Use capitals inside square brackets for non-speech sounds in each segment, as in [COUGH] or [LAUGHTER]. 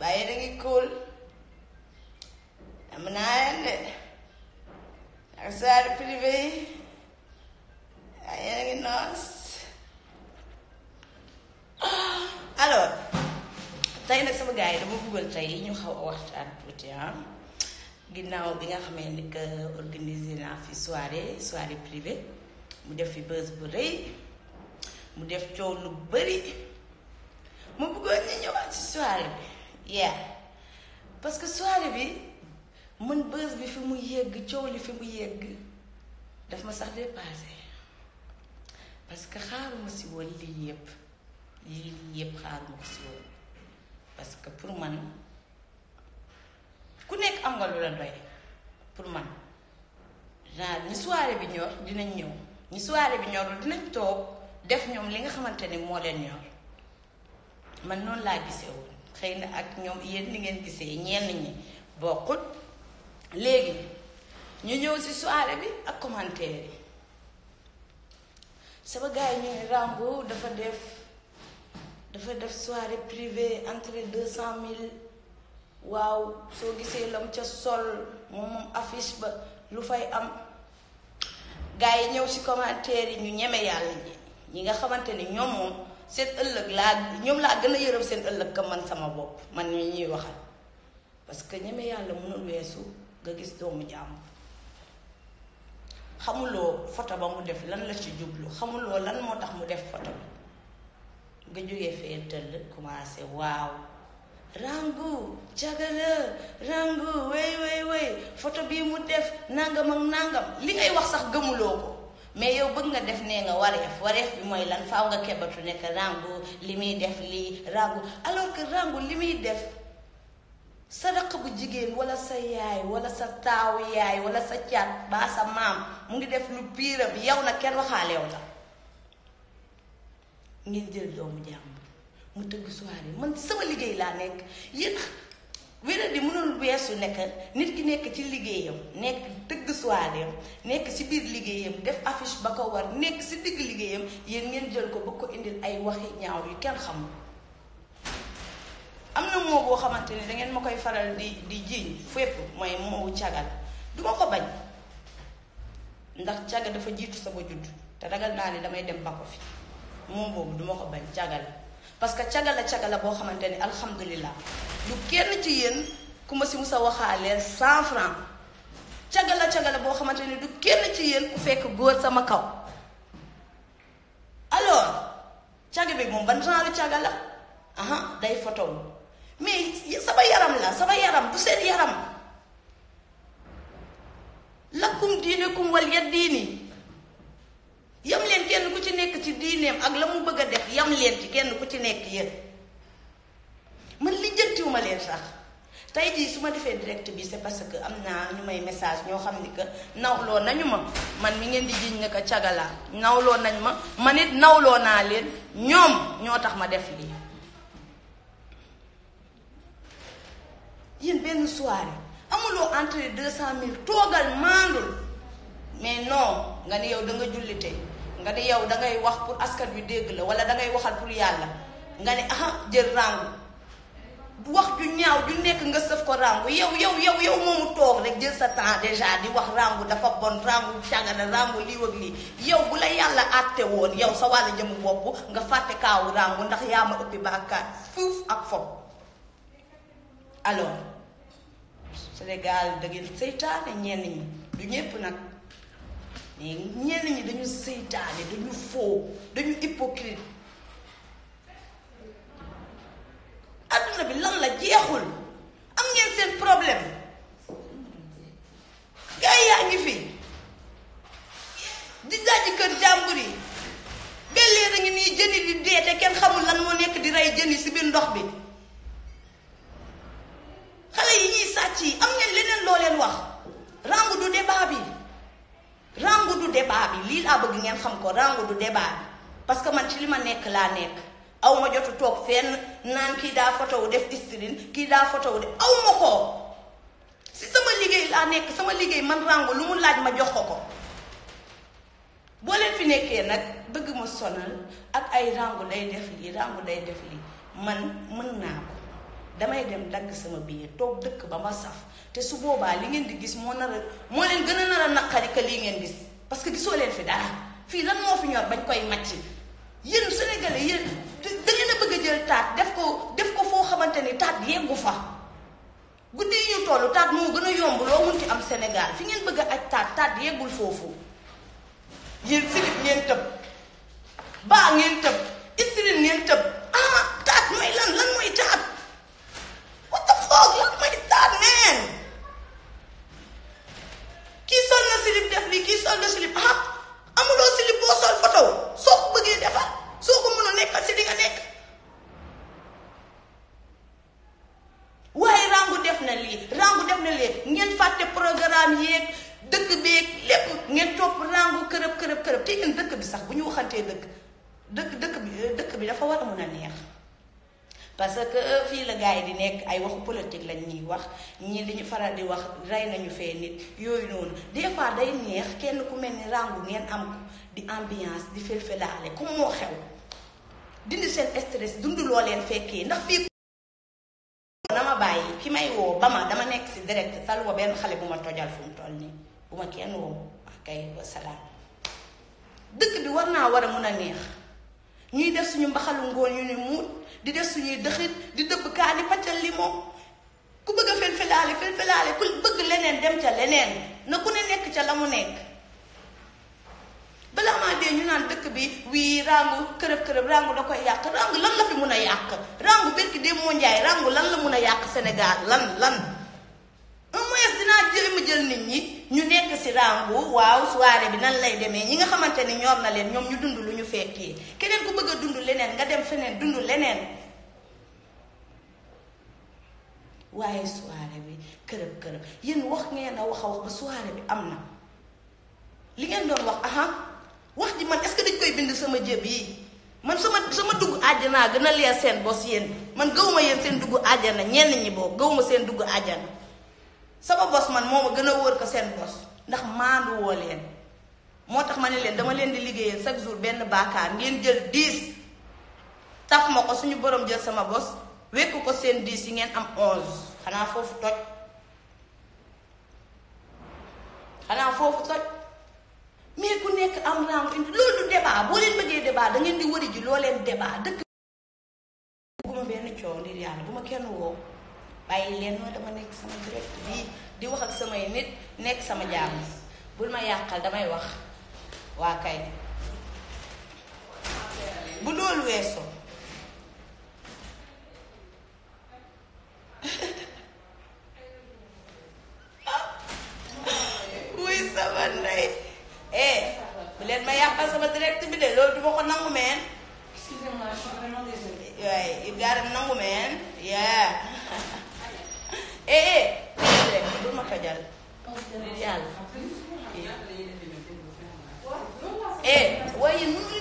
baa yéen a ngi kóol am naa leen de ak saari privé yi waaye ngi noos alors tey nag sama dama bëggoon tey ñu xaw a waxtaan tuuti ah ginnaaw bi nga xamee ni que organisé naa fi soirée soirée privée mu def fi bës bu rëy mu def coow lu bari mu bëggoon ñu ñëwaat ci soirée yeah parce que soirée bi mën bës bi fi mu yegg coow li fi mu yegg daf ma sax dépassé parce que xaaruma si woon lii yépp lii yépp xaaruma ko si woon parce que pour man ku nekk am nga lu la doy pour man genre ñi soirée bi ñor dinañ ñëw ñi soirée bi ñorul dinañ toog def ñoom li nga xamante ne moo leen ñor man noonu laa gisee woon xëy na ak ñoom yéen ni ngeen gisee ñenn ñi bokkut léegi ñu ñëw si soirée bi ak commentaire yi sama gars yi ñu ne Rambo dafa def dafa def soirée privée entre deux cent mille waaw soo gisee lam ca sol moom moom affiche ba lu fay am gars yi ñëw si commentaire yi ñu ñeme yàlla ñi ñi nga xamante ñoom moom seen ëllëg laa ñoom laa gën a yërëm seen ëllëg ka man sama bopp man mi ñuy waxal parce que ñeme yàlla mënul weesu nga gis doomu jàmm xamuloo foto ba mu def lan la ci jublu xamuloo lan moo tax mu def foto bi nga jógee fee tëll commencé waaw rangu jagala rangu wey wey wey foto bii mu def nangam ak li ngay wax sax gëmuloo ko mais yow bëgg nga def nee nga wareef wareef bi mooy lan faaw nga kebatu nekk rangu li muy def lii rangu alors que rangu li muy def sa raq jigéen wala sa yaay wala sa taawu yaay wala sa caat baa sa maam mu ngi def lu piiram yow nag kenn waxaaleew la ngeen jël doomu jàmm mu tëgg soirée man sama liggéey laa nekk yéen wéral di mënul weesu nekk nit ki nekk ci liggéeyam nekk tëgg soiréem nekk ci biir liggéeyam def affiche ba ko war nekk si digg liggéeyam yéen ngeen jël ko bëgg ko indi ay waxi ñaaw yu kenn xamul am na moo boo xamante ni dangeen ma koy faral di di jiiñ fépp mooy moowu cagal du ma ko bañ ndax caga dafa jiitu sama judd te ragal naa ne damay dem ba ko fi moom boobu duma ko bañ cagal parce que cagala cagala boo xamante ni alhamdulilah du kenn ci yéen ku ma si mus a waxaalee cent franc boo xamante ni du kenn ci yéen ku fekk góor sama kaw alors caga bi moom ban genre cagala aha day fotow mais sama yaram la sama yaram du seen yaram lakkum diine wal yat diini yam leen kenn nekk ci diineem ak la mu bëgg a def yam leen ci kenn ku ci nekk yéen man lijjantiwuma leen sax tey jii su ma defee direct bi c'est parce que am naa ñu may message ñoo xam ni que nawloo nañu ma man mi ngeen di jiñ ne ko cagalaa nawloo nañ ma man nawloo naa leen ñoom ñoo tax ma def lii yéen benn soirée amuloo entrée deux cent mille toogal maandul mais non nga ne yow da nga jullite nga ne yow ya, da ngay wax pour askan wi dégg la wala da ngay waxal pour yàlla nga ne ah jël rangu wax ju ñaaw ju nekk nga sëf ko rangu yow yow yow yow moomu toog rek jël sa temps déjà di wax rangu dafa bon rangu càngana rangu lii wag lii yow bu la yàlla àtte woon yow sa wàll jëmu bopp nga fàtte kaawu rangu ndax yaa ma ëppi bàkkaar fuuf ak fob alors sénégal da ngeen seytaane ñenn ñi du ñëpp nag mais ñenn ñi dañu seytaane dañu faux dañu hypocrite adduna bi lan la jeexul am ngeen seen problème gars yaa ngi fi di dajji kër jàmbur yi bellee da ngi nii jëni di dee kenn xamul lan moo nekk di rey jëni si biir ndox bi parce que man ci li ma nekk laa nekk aw ma jotu toog fenn naan kii daa fotow def istiline kii daa fotowu def aw ma ko si sama liggéey laa nekk sama liggéey man rango lu mu laaj ma jox ko ko boo leen fi nekkee nag bëgg ma sonal ak ay rango day def lii rango day def lii man mën naa ko damay dem dagg sama biir toog dëkk ba ma saf te su boobaa li ngeen di gis moo nar moo leen gën a nar a naqari que lii ngeen gis parce que gisoo leen fi dara fii lan moo fi ñor bañ koy màcc yéen sénégalais yéen da ngeen a bëgg a jël taat def ko def ko foo xamante ni taat yeggu fa guddi yi ñu toll taat moo gën a yomb loo mun ci am Sénégal fi ngeen bëgg a aj taat taat yeggul foofu yéen silib ngeen tëb baa ngeen tëb istrin ngeen tëb ah taat mooy lan lan mooy taat what the lan mooy taat neen kii sol na silib def li kii sol na silib ah na lii rangu def na lii ngeen fàtte programme yeeg dëkk beeg lépp ngeen topp rangu kërëb kërëb kërëb te yéen dëkk bi sax bu ñu waxantee dëkk dëkk dëkk bi dëkk bi dafa war a mën a neex parce que euh, fii la gars yi di nekk ay waxu politique lañ ñuy wax ñii li ñu faral di wax rey nañu fee nit yooyu noonu des fois day neex kenn ku mel ni rangu ngeen am ko di ambiance di felfelaale comme moo xew dindi seen stress dund loo fekkee ndax fii na ma bàyyi ki may woo ba ma dama nekk ci direct saluwa benn xale bu ma tojal fu mu toll nii bu ma kenn woo akay wasalaam dëkk bi war naa war a mun a neex ñuy def suñu mbaxalu ngoon ñu ni muut di def suñuy dëxit di dëbb kaani paccal limon ku bëgg a felfelaale felfelaale ku bëgg leneen dem ca leneen na ku ne nekk ca la mu nekk bi wii rangu kërëb kërëb rangu da koy yàq rangu lan la fi mun a yàq rangu berki dee moo njaay rangu lan la mun a yàq Sénégal lan lan au moins dinaa jël nit ñi ñu nekk si rangu waaw soirée bi nan lay demee ñi nga xamante ni ñoom na leen ñoom ñu dund lu ñu fekkee keneen ku bëgg a dund leneen nga dem feneen dund leneen waaye soirée bi kërëb kërëb yéen wax ngeen a wax a wax ba soirée bi am na li ngeen doon wax aha wax ji man est-ce que dañ koy bind sama jëb yi man sama sama dugg naa gën a leer seen bos yéen man gawuma yéen seen dugg àjjana ñenn ñi boobu gawuma seen dugg àjjana sama bos man moo ma gën a wóor ko seen bos ndax maandu woo leen moo tax ma ne leen dama leen di liggéeyal chaque jour benn baakaar ngeen jël dix taf ma ko suñu boroom jël sama bos wekk ko seen diis yi ngeen am onze xanaa foofu toj xanaa foofu toj mais ku nekk am raam indi loolu du boo leen bëggee débat da ngeen di wëri ji looleen leen débat dëkk bugguma benn coow ndir yàlla bu ma kenn woo bàyyi leen noo dama nekk sama direct bii di wax ak samay nit nekk sama jaam bul ma yàqal damay wax waa kay bu loolu weesoo ele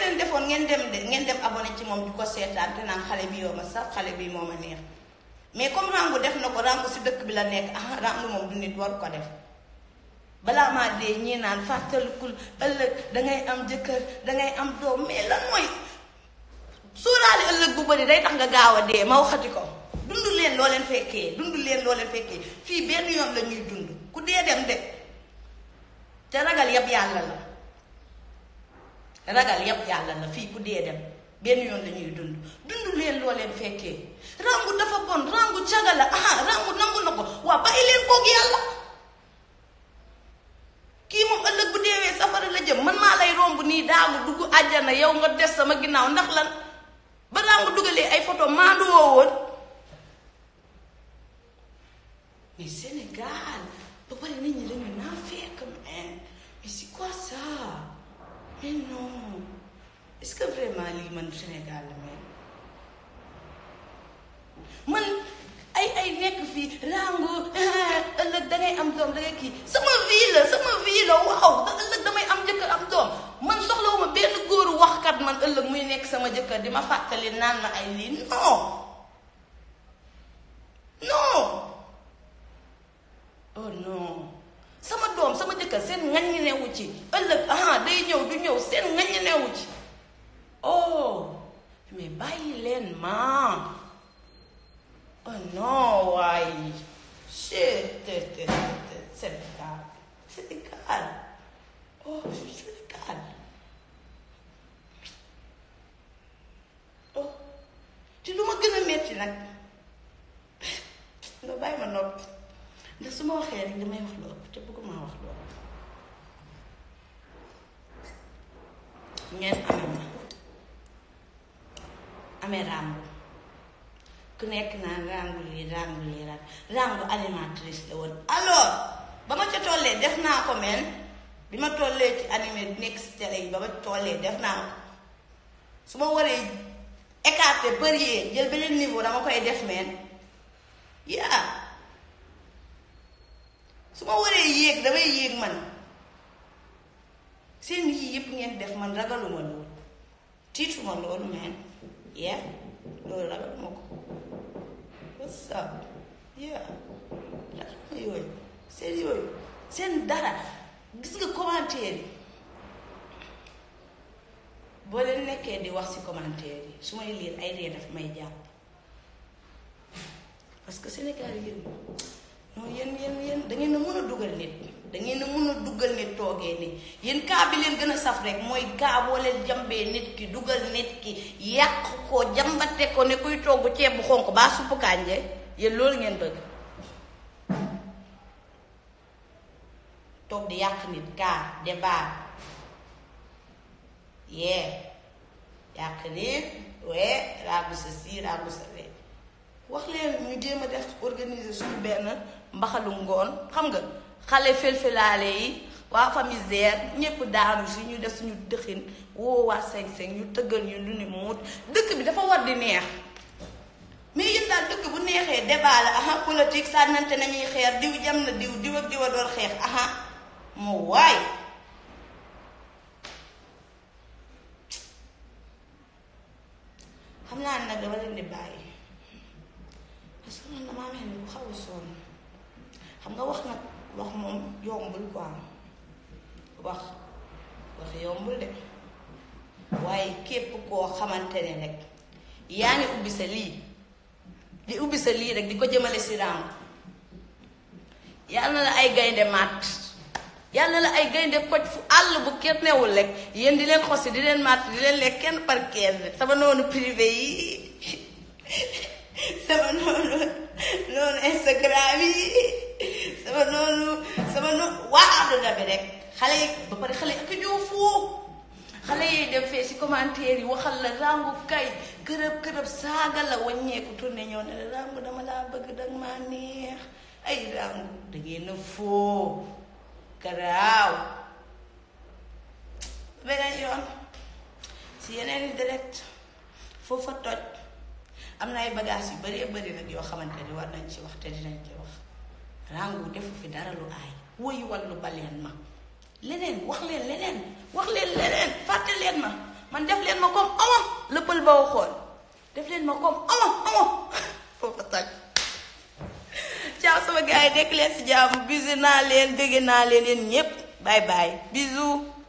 leen defoon ngeen dem de ngeen dem abonné ci moom di ko seetaan te naan xale bi yow ma sax xale bi moo ma neex mais comme Rangou def na ko Rangou si dëkk bi la nekk ah Rangou moom du nit waru ko def balaa maa dee ñii naan fàttalikul ëllëg dangay am jëkkër dangay am doom mais lan mooy suuraale ëllëg bu bari day tax nga gaaw a dee ma waxati ko dund leen loo leen fekkee dund leen loo fekkee fii benn yoon lañuy dund ku dee dem de te ragal yab yàlla la ragal yépp yàlla la fii ku dee dem benn yoon la dund dund leen loo leen fekkee rangu dafa bon rangu caga la aha rangu na ko waa bàyyi leen koog yàlla kii moom ëllëg bu deewee safara la jëm man maa lay romb nii daagu dugg àjjana yow nga des sama ginnaaw ndax lan ba rangu dugalee ay photo maandu woon mais Sénégal ba pare nit ñi naa fekk mais c'est quoi ça mais non est-ce que vraiment lii man Sénégal la mel man ay ay nekk fii rango ëllëg dangay am doom dangay kii sama vie la sama vie la waaw da ëllëg damay am jëkkër am doom man soxlawuma benn góoru waxkat man ëllëg muy nekk sama jëkkër di ma fàttali naan ma ay lii non non oh non sama doom sama jëkkër seen ngañ newu ci ëllëg aha day ñëw du ñëw seen ngañ newu ci oh mais bàyyi leen ma oh non waaye c'est Sénégal Sénégal oh Sénégal oh ci lu gën a metti nag nga bàyyi ma noppi ndax su ma waxee rek damay wax lu ëpp te bëgguma wax lu ëpp ngeen amee ma amee ràngu ku nekk naan ràngu lii ràngu lii ràngu ràngu animatrice la woon alors ba ma ca tollee def naa ko mel bi ma tollee ci animé nekk si télé yi ba ma tollee def naa ko su ma waree écarté përie jël beneen niveau dama koy def meen yaa su ma waree yéeg damay yéeg man seen yii yëpp ngeen def man ragaluma loolu tiituma loolu man yeah loolu ragaluma ko what's up yeah yooyu seen yooyu seen dara gis nga commentaire yi boo leen nekkee di wax ci commentaire yi su may liir ay ree may jàpp parce que Sénégal yëpp non yéen yéen yéen da ngeen a mën a dugal nit da ngeen a mën a dugal nit toogee nii yéen kaa bi leen gën a saf rek mooy kaa boo leen jambee nit ki dugal nit ki yàq ko jambate ko ne kuy togg ceeb bu xonq baa suppu kànje yéen loolu ngeen bëgg toog di yàq nit kaa débat yee yàq nit wee raagu sa si raagu sa wee wax leen ñu jéem def organiser suñu benn mbaxalu ngoon xam nga xale felfelaale yi waa famille Zer ñëpp daanu si ñu def suñu dëxin woo waa seng-seng ñu tëggal ñu lu ni muut dëkk bi dafa war di neex mais yéen daal dëkk bu neexee débat la aha politique sànnante nañuy xeer diw jam na diw diw ak doon xeex aha moo waay xam naa nag dama leen di bàyyi parce que man damaa bu xaw a xam nga wax nag wax moom yombul quoi wax wax yombul de waaye képp koo xamante ne rek yaa ngi ubbi sa lii di ubbi sa lii rek di ko jëmale si raam yàlla na ay gaynde maat yàlla na ay gaynde koj fu àll bu kenn newul rek yéen di leen xosi di leen matt di leen lekk kenn par kenn sama noonu privé yi [LAUGHS] sama noonu noonu Instagram yi loolu waa àdduna bi rek xale yi ba pare xale yi ak ñoo foofu xale yi dem fee si commentaire yi waxal la rangu kay kërëb kërëb saaga la wàññeeku tourné ñëw ne la dama laa bëgg danga maa neex ay rangu da ngeen a foo beneen yoon si yeneen i direct foofa toj am na ay bagages yu bëree bëri nag yoo xamante ne war nañ ci wax te dinañ ci wax Rangou defu fi dara lu aay woyu wallu ba leen ma leneen wax leen leneen wax leen leneen fàtte leen ma man def leen ma comme awa la pël ba waxoon def leen ma comme awa awa [LAUGHS] foofa tàj ciao sama gars yi nekk leen si jàmm bisu naa leen bëgg naa leen yéen ñépp bye bye bisous